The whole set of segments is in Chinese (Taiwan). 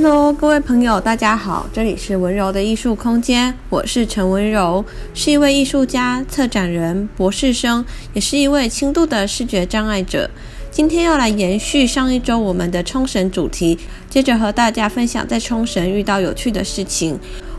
Hello，各位朋友，大家好，這裡是溫柔的藝術空間，我是陳溫柔，是一位藝術家、策展人、博士生，也是一位輕度的視覺障礙者。今天要來延續上一周我們的沖繩主題，接着和大家分享在沖繩遇到有趣的事情。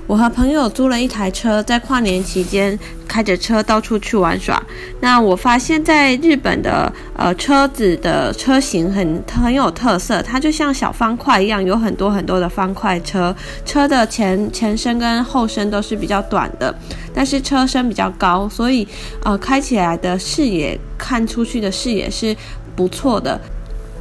我和朋友租了一台車，在跨年期間開着車到處去玩耍。那我發現，在日本的呃車子的車型很很有特色，它就像小方塊一樣，有很多很多的方塊車。車的前前身跟後身都是比較短的，但是車身比較高，所以呃開起來的視野，看出去的視野是不錯的。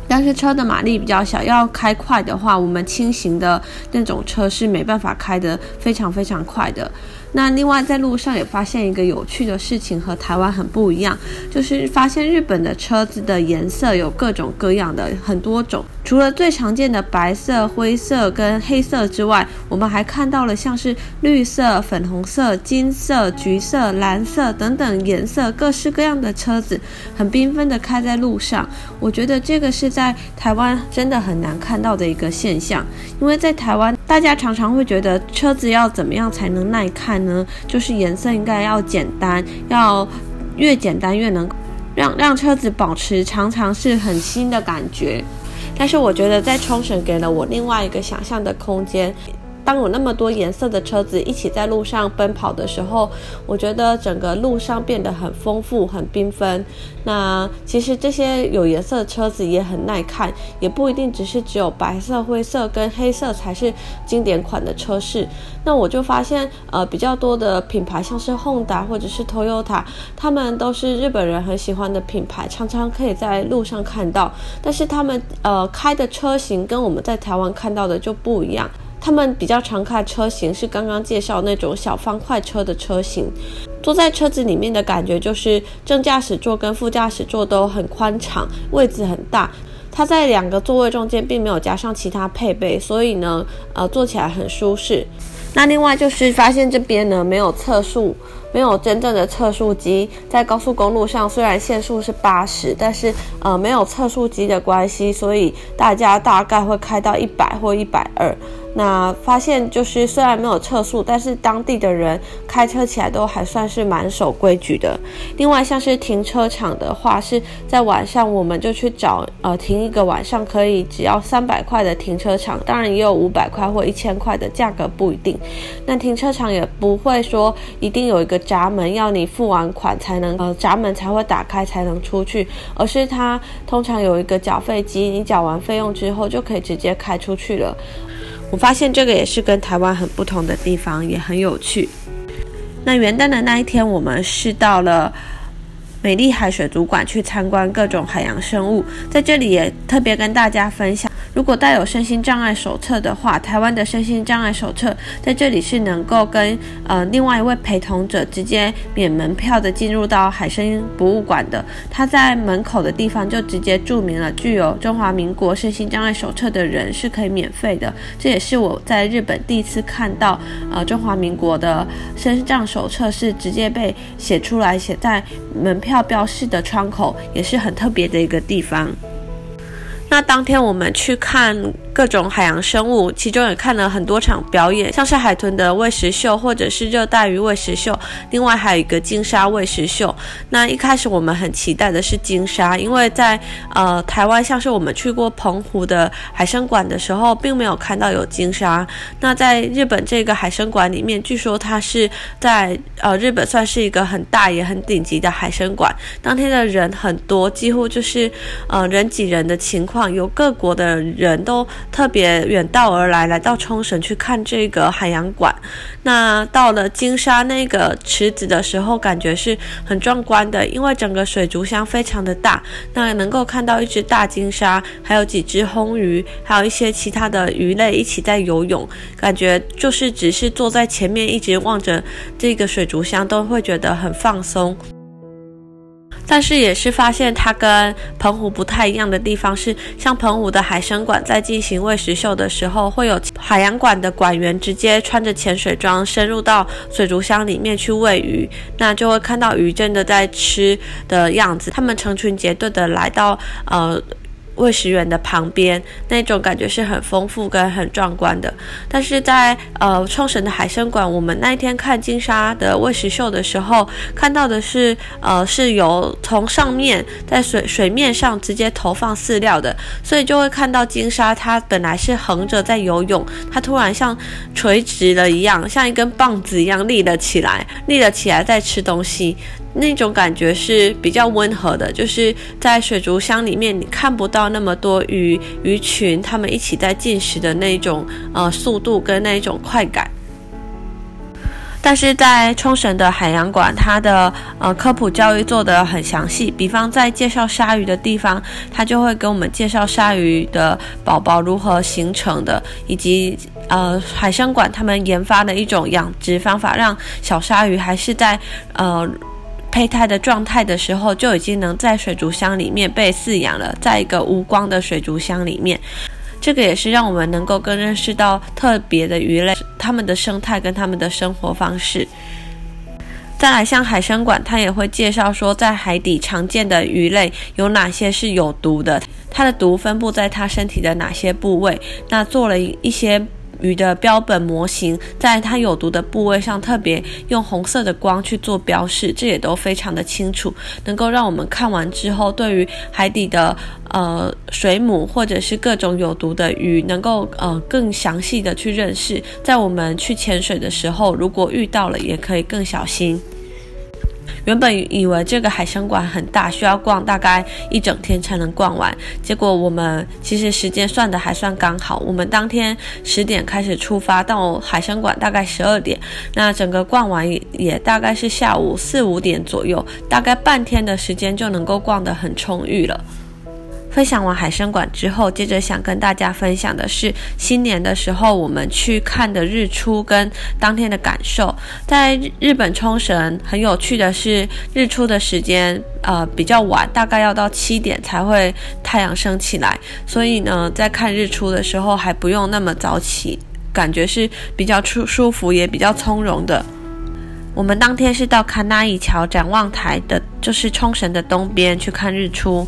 但是車的馬力比較小，要開快的話，我們輕型的那種車是沒辦法開得非常非常快的。那另外在路上也發現一個有趣的事情，和台灣很不一樣，就是發現日本的車子的顏色有各種各樣的很多種，除了最常見的白色、灰色跟黑色之外，我們還看到了像是綠色、粉紅色、金色、橘色、藍色等等顏色各式各樣的車子，很繽紛的開在路上。我覺得這個是在台灣真的很難看到的一個現象，因為在台灣。大家常常會覺得車子要怎麼樣才能耐看呢？就是顏色應該要簡單，要越簡單越能讓讓車子保持常常是很新的感覺。但是我覺得在沖繩給了我另外一個想象的空間。當有那麼多顏色的車子一起在路上奔跑的時候，我覺得整個路上變得很豐富、很繽紛。那其實這些有顏色的車子也很耐看，也不一定只是只有白色、灰色跟黑色才是經典款的車飾。那我就發現，呃，比較多的品牌像是 Honda 或者是 Toyota，他們都是日本人很喜歡的品牌，常常可以在路上看到。但是他們呃開的車型跟我們在台灣看到的就不一樣。他們比較常開車型是剛剛介紹那種小方塊車的車型，坐在車子裡面的感覺就是正駕駛座跟副駕駛座都很寬敞，位置很大。它在兩個座位中間並沒有加上其他配備，所以呢，呃，坐起來很舒適。那另外就是發現這邊呢沒有測速。沒有真正的測速機，在高速公路上雖然限速是八十，但是呃沒有測速機的關係，所以大家大概會開到一百或一百二。那發現就是雖然沒有測速，但是當地的人開車起來都還算是蠻守規矩的。另外像是停車場的話，是在晚上我們就去找呃停一個晚上可以只要三百塊的停車場，當然也有五百塊或一千塊的價格不一定。那停車場也不會說一定有一個。閘門要你付完款才能，呃，閘門才會打開才能出去，而是它通常有一個繳費機，你繳完費用之後就可以直接開出去了。我發現這個也是跟台灣很不同的地方，也很有趣。那元旦的那一天，我們是到了美麗海水族館去參觀各種海洋生物，在這裡也特別跟大家分享。如果帶有身心障礙手冊的話，台灣的身心障礙手冊在這裡是能夠跟呃另外一位陪同者直接免門票的進入到海生博物館的。他在門口的地方就直接注明了具有中華民國身心障礙手冊的人是可以免費的。這也是我在日本第一次看到，呃中華民國的身障手冊是直接被寫出來，寫在門票標示的窗口，也是很特別的一個地方。那當天我們去看。各種海洋生物，其中也看了很多場表演，像是海豚的餵食秀，或者是熱帶魚餵食秀，另外還有一個鯨鯊餵食秀。那一開始我們很期待的是鯨鯊，因為在呃台灣，像是我們去過澎湖的海生館的時候，並沒有看到有鯨鯊。那在日本這個海生館裡面，據說它是在呃日本算是一個很大也很頂級的海生館。當天的人很多，幾乎就是呃人擠人的情況，有各國的人都。特別遠道而來，來到沖繩去看這個海洋館。那到了鯨鯊那個池子的時候，感覺是很壯觀的，因為整個水族箱非常的大。那也能夠看到一隻大鯨鯊，還有幾隻魟魚，還有一些其他的魚類一起在游泳，感覺就是只是坐在前面一直望着這個水族箱，都會覺得很放鬆。但是也是發現它跟澎湖不太一樣的地方是，像澎湖的海生館，在進行餵食秀的時候，會有海洋館的館員直接穿着潛水裝深入到水族箱裡面去餵魚，那就會看到魚真的在吃的樣子，他們成群結隊的來到呃。餵食員的旁邊，那種感覺是很豐富跟很壯觀的。但是在呃，沖繩的海生館，我們那一天看鯨鯊的餵食秀的時候，看到的是呃，是由從上面在水水面上直接投放飼料的，所以就會看到鯨鯊它本來是橫着在游泳，它突然像垂直了一樣，像一根棒子一樣立了起來，立了起來在吃東西，那種感覺是比較溫和的，就是在水族箱裡面你看不到，那麼多魚魚群，他們一起在進食的那種呃速度跟那一種快感，但是在沖繩的海洋館，它的呃科普教育做得很詳細。比方在介紹鯊魚的地方，他就會給我們介紹鯊魚的寶寶如何形成的，以及呃，海生館他們研發的一種養殖方法，讓小鯊魚還是在呃。胚胎的狀態的時候，就已經能在水族箱裡面被飼養了，在一個無光的水族箱裡面，這個也是讓我們能夠更認識到特別的魚類，它們的生態跟它們的生活方式。再來，像海生館，它也會介紹說，在海底常見的魚類有哪些是有毒的，它的毒分布在它身體的哪些部位。那做了一些。魚的標本模型，在它有毒的部位上特別用紅色的光去做標示，這也都非常的清楚，能夠讓我們看完之後，對於海底的呃水母或者是各種有毒的魚，能夠呃更詳細的去認識，在我們去潛水的時候，如果遇到了，也可以更小心。原本以為這個海生館很大，需要逛大概一整天才能逛完，結果我們其實時間算得還算剛好。我們當天十點開始出發，到海生館大概十二點，那整個逛完也大概是下午四五點左右，大概半天的時間就能夠逛得很充裕了。分享完海參館之後，接着想跟大家分享的是新年的時候我們去看的日出跟當天的感受。在日，日本沖繩，很有趣的是日出的時間，呃，比較晚，大概要到七點才會太陽升起來。所以呢，在看日出的時候還不用那麼早起，感覺是比較舒舒服，也比較從容的。我們當天是到卡那伊橋展望台的，就是沖繩的東邊去看日出。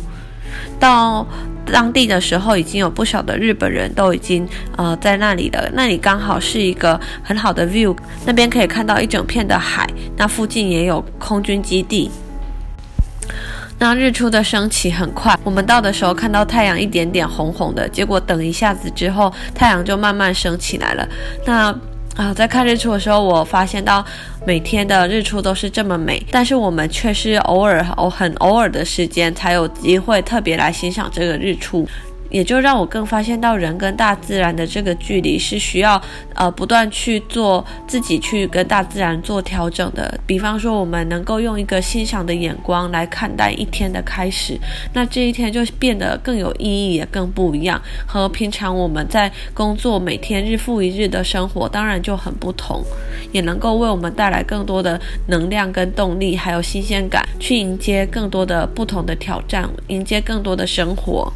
到當地的時候，已經有不少的日本人都已經呃在那裡了。那裡剛好是一個很好的 view，那邊可以看到一整片的海，那附近也有空軍基地。那日出的升起很快，我們到的時候看到太陽一點點紅紅的，結果等一下子之後，太陽就慢慢升起來了。那啊，在看日出的時候，我發現到每天的日出都是這麼美，但是我們卻是偶爾、偶很偶爾的時間才有機會特別來欣賞這個日出。也就讓我更發現到人跟大自然的這個距離是需要，呃，不斷去做自己去跟大自然做調整的。比方說，我們能夠用一個欣賞的眼光來看待一天的開始，那這一天就變得更有意義，也更不一樣，和平常我們在工作每天日復一日的生活當然就很不同，也能夠為我們帶來更多的能量跟動力，還有新鮮感，去迎接更多的不同的挑戰，迎接更多的生活。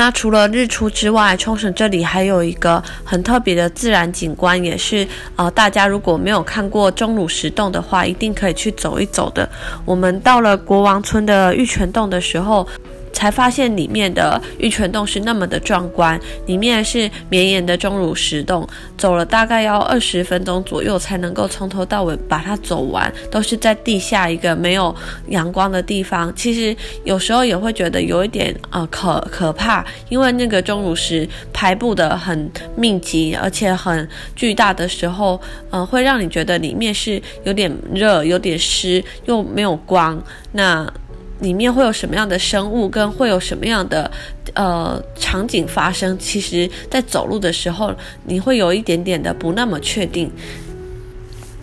那除了日出之外，沖繩這裡還有一個很特別的自然景觀，也是呃，大家如果沒有看過鐘乳石洞的話，一定可以去走一走的。我們到了國王村的玉泉洞的時候。才發現裡面的玉泉洞是那麼的壯觀，裡面是綿延的鐘乳石洞，走了大概要二十分鐘左右才能夠從頭到尾把它走完，都是在地下一個沒有陽光的地方。其實有時候也會覺得有一點呃可可怕，因為那個鐘乳石排布得很密集，而且很巨大的時候，嗯、呃，會讓你覺得裡面是有點熱、有點濕，又沒有光。那。裡面會有什麼樣的生物，跟會有什麼樣的呃場景發生？其實，在走路的時候，你會有一點點的不那麼確定。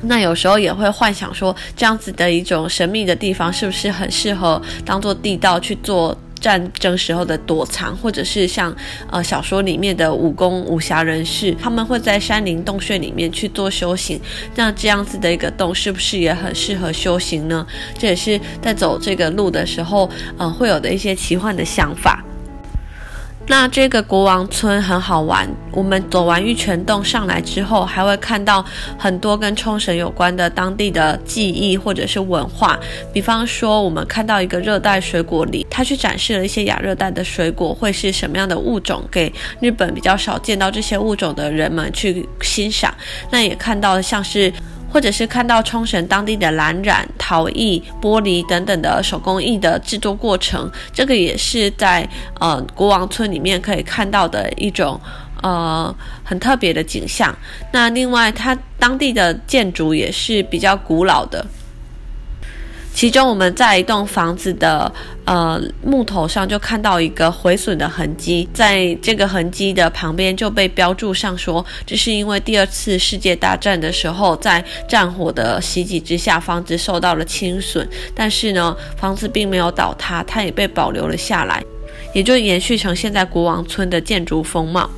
那有時候也會幻想說，這樣子的一種神秘的地方，是不是很適合當做地道去做？戰爭時候的躲藏，或者是像呃小說裡面的武功武俠人士，他們會在山林洞穴裡面去做修行。那這樣子的一個洞，是不是也很適合修行呢？這也是在走這個路的時候，呃，會有的一些奇幻的想法。那這個國王村很好玩，我們走完玉泉洞上來之後，還會看到很多跟沖繩有關的當地的記憶或者是文化。比方說，我們看到一個熱帶水果林，它去展示了一些亞熱帶的水果，會是什麼樣的物種，給日本比較少見到這些物種的人們去欣賞。那也看到像是。或者是看到沖繩當地的藍染、陶藝、玻璃等等的手工藝的制作過程，這個也是在呃國王村裡面可以看到的一種呃很特別的景象。那另外，它當地的建築也是比較古老的。其中，我們在一棟房子的呃木頭上就看到一個毀損的痕迹，在這個痕迹的旁邊就被標註上說，這是因為第二次世界大戰的時候，在戰火的襲擊之下，房子受到了清損，但是呢，房子並沒有倒塌，它也被保留了下來，也就延續成現在國王村的建築風貌。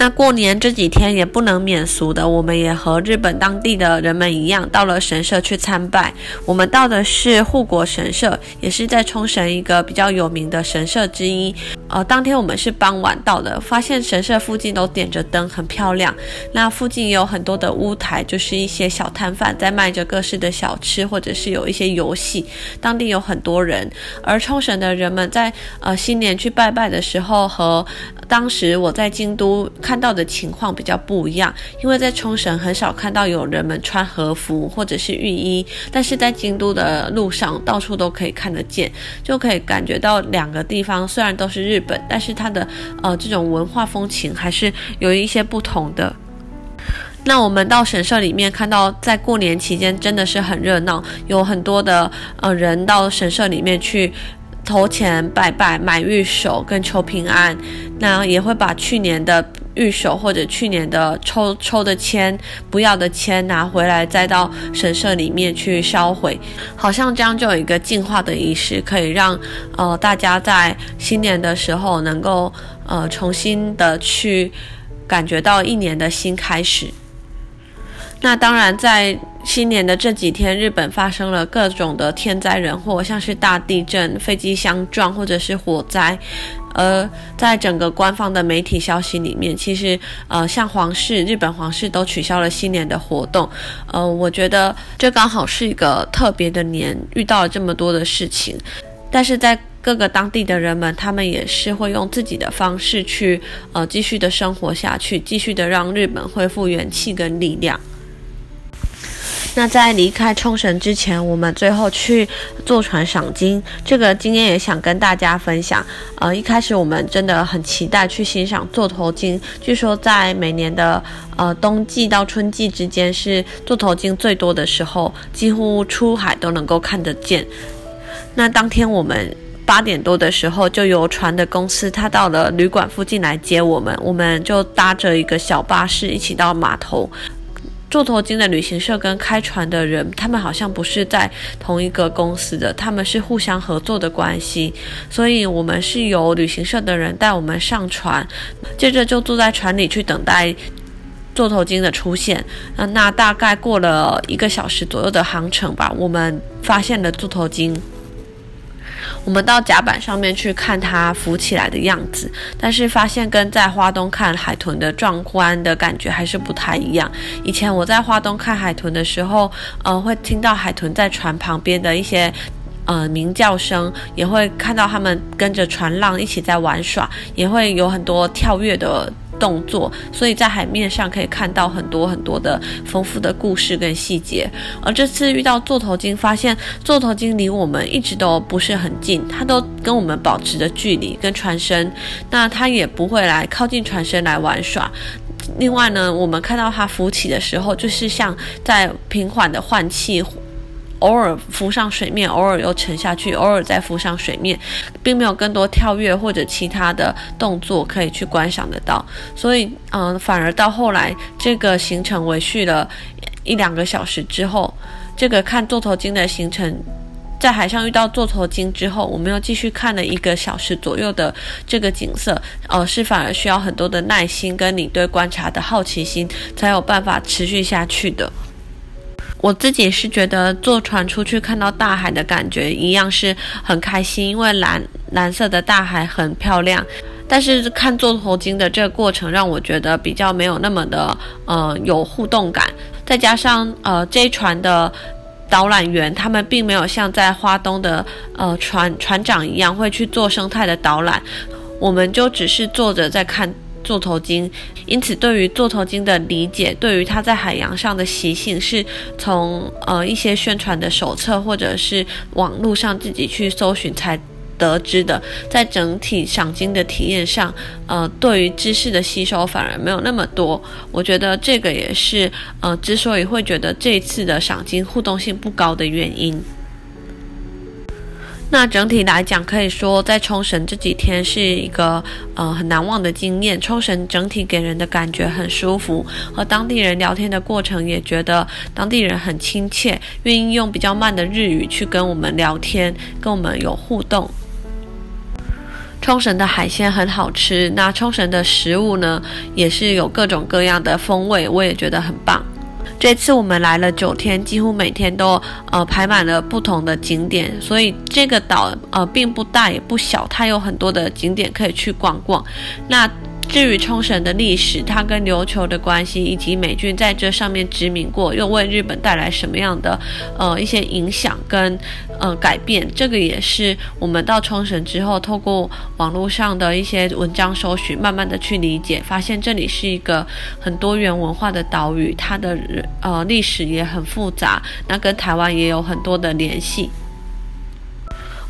那過年這幾天也不能免俗的，我們也和日本當地的人們一樣，到了神社去參拜。我們到的是護國神社，也是在沖繩一個比較有名的神社之一。呃，當天我們是傍晚到的，發現神社附近都點着燈，很漂亮。那附近也有很多的屋台，就是一些小攤販在賣着各式的小吃，或者是有一些遊戲。當地有很多人，而沖繩的人們在呃新年去拜拜的時候和，和當時我在京都。看到的情況比較不一樣，因為在沖繩很少看到有人們穿和服或者是浴衣，但是在京都的路上到處都可以看得見，就可以感覺到兩個地方雖然都是日本，但是它的呃這種文化風情還是有一些不同的。那我們到神社裡面看到，在過年期間真的是很熱鬧，有很多的呃人到神社裡面去。投錢拜拜買玉手跟求平安，那也會把去年的玉手或者去年的抽抽的籤不要的籤拿回來，再到神社裡面去燒毀，好像這樣就有一個淨化的儀式，可以讓呃大家在新年的時候能夠呃重新的去感覺到一年的新開始。那當然在。新年的這幾天，日本發生了各種的天災人禍，像是大地震、飛機相撞或者是火災。而在整個官方的媒體消息裡面，其實呃，像皇室，日本皇室都取消了新年的活動。呃，我覺得這剛好是一個特別的年，遇到了這麼多的事情。但是在各個當地的人們，他們也是會用自己的方式去呃，繼續的生活下去，繼續的讓日本恢復元氣跟力量。那在離開沖繩之前，我們最後去坐船賞鯨，這個經驗也想跟大家分享。呃，一開始我們真的很期待去欣賞座頭鯨，據說在每年的呃冬季到春季之間是座頭鯨最多的時候，幾乎出海都能夠看得見。那當天我們八點多的時候，就有船的公司他到了旅館附近來接我們，我們就搭着一個小巴士一起到碼頭。座頭鯨的旅行社跟開船的人，他們好像不是在同一個公司的，他們是互相合作的關係。所以，我們是由旅行社的人帶我們上船，接着就坐在船裡去等待座頭鯨的出現。那大概過了一個小時左右的航程吧，我們發現了座頭鯨。我們到甲板上面去看它浮起來的樣子，但是發現跟在花東看海豚的壯觀的感覺還是不太一樣。以前我在花東看海豚的時候，呃，會聽到海豚在船旁邊的一些，呃，鳴叫聲，也會看到它們跟着船浪一起在玩耍，也會有很多跳躍的。動作，所以在海面上可以看到很多很多的豐富的故事跟細節。而這次遇到座頭鯨，發現座頭鯨離我們一直都不是很近，它都跟我們保持着距離跟船身，那它也不會來靠近船身來玩耍。另外呢，我們看到它浮起的時候，就是像在平緩的換氣。偶爾浮上水面，偶爾又沉下去，偶爾再浮上水面，並沒有更多跳躍或者其他的動作可以去觀賞得到。所以，嗯、呃，反而到後來這個行程維續了一兩個小時之後，這個看座頭鯨的行程，在海上遇到座頭鯨之後，我們又繼續看了一個小時左右的這個景色，呃，是反而需要很多的耐心跟你對觀察的好奇心，才有辦法持續下去的。我自己是覺得坐船出去看到大海的感覺一樣是很開心，因為藍藍色的大海很漂亮。但是看座頭鯨的這個過程讓我覺得比較沒有那麼的，呃，有互動感。再加上呃，這一船的導覽員他們並沒有像在花東的呃船船長一樣會去做生態的導覽，我們就只是坐着在看。座頭鯨，因此對於座頭鯨的理解，對於它在海洋上的習性，是從呃一些宣傳的手冊或者是網絡上自己去搜尋才得知的。在整體賞鯨的體驗上，呃，對於知識的吸收反而沒有那麼多。我覺得這個也是呃之所以會覺得這一次的賞鯨互動性不高的原因。那整體來講，可以說在沖繩這幾天是一個呃很難忘的經驗。沖繩整體給人的感覺很舒服，和當地人聊天的過程也覺得當地人很親切，願意用比較慢的日語去跟我們聊天，跟我們有互動。沖繩的海鮮很好吃，那沖繩的食物呢，也是有各種各樣的風味，我也覺得很棒。這次我們來了九天，幾乎每天都呃排滿了不同的景點，所以這個島呃並不大也不小，它有很多的景點可以去逛逛。那。至於沖繩的歷史，它跟琉球的關係，以及美軍在這上面殖民過，又為日本帶來什麼樣的呃一些影響跟呃改變，這個也是我們到沖繩之後，透過網絡上的一些文章搜尋，慢慢的去理解，發現這裡是一個很多元文化的島嶼，它的呃歷史也很複雜，那跟台灣也有很多的聯繫。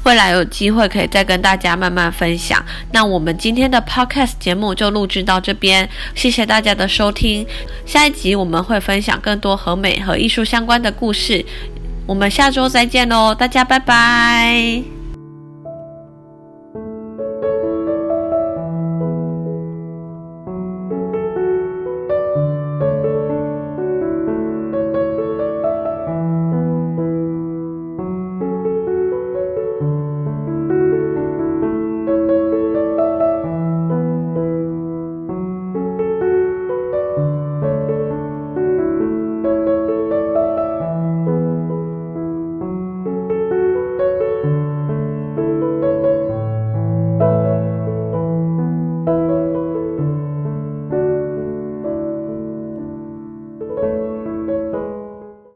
未來有機會可以再跟大家慢慢分享。那我們今天的 Podcast 節目就錄製到這邊，謝謝大家的收聽。下一集我們會分享更多和美和藝術相關的故事，我們下周再見嘍，大家拜拜。